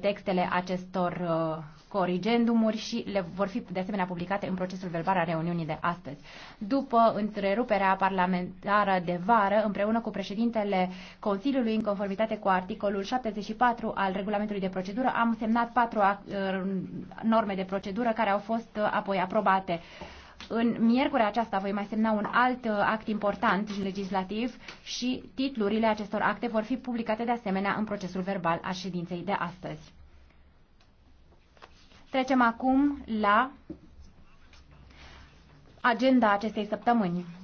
textele acestor uh, corigendumuri și le vor fi de asemenea publicate în procesul verbal a reuniunii de astăzi. După întreruperea parlamentară de vară, împreună cu președintele Consiliului, în conformitate cu articolul 74 al regulamentului de procedură, am semnat patru uh, norme de procedură care au fost uh, apoi aprobate. În Miercuri aceasta voi mai semna un alt uh, act important legislativ și titlurile acestor acte vor fi publicate de asemenea în procesul verbal a ședinței de astăzi. Trecem acum la agenda acestei săptămâni.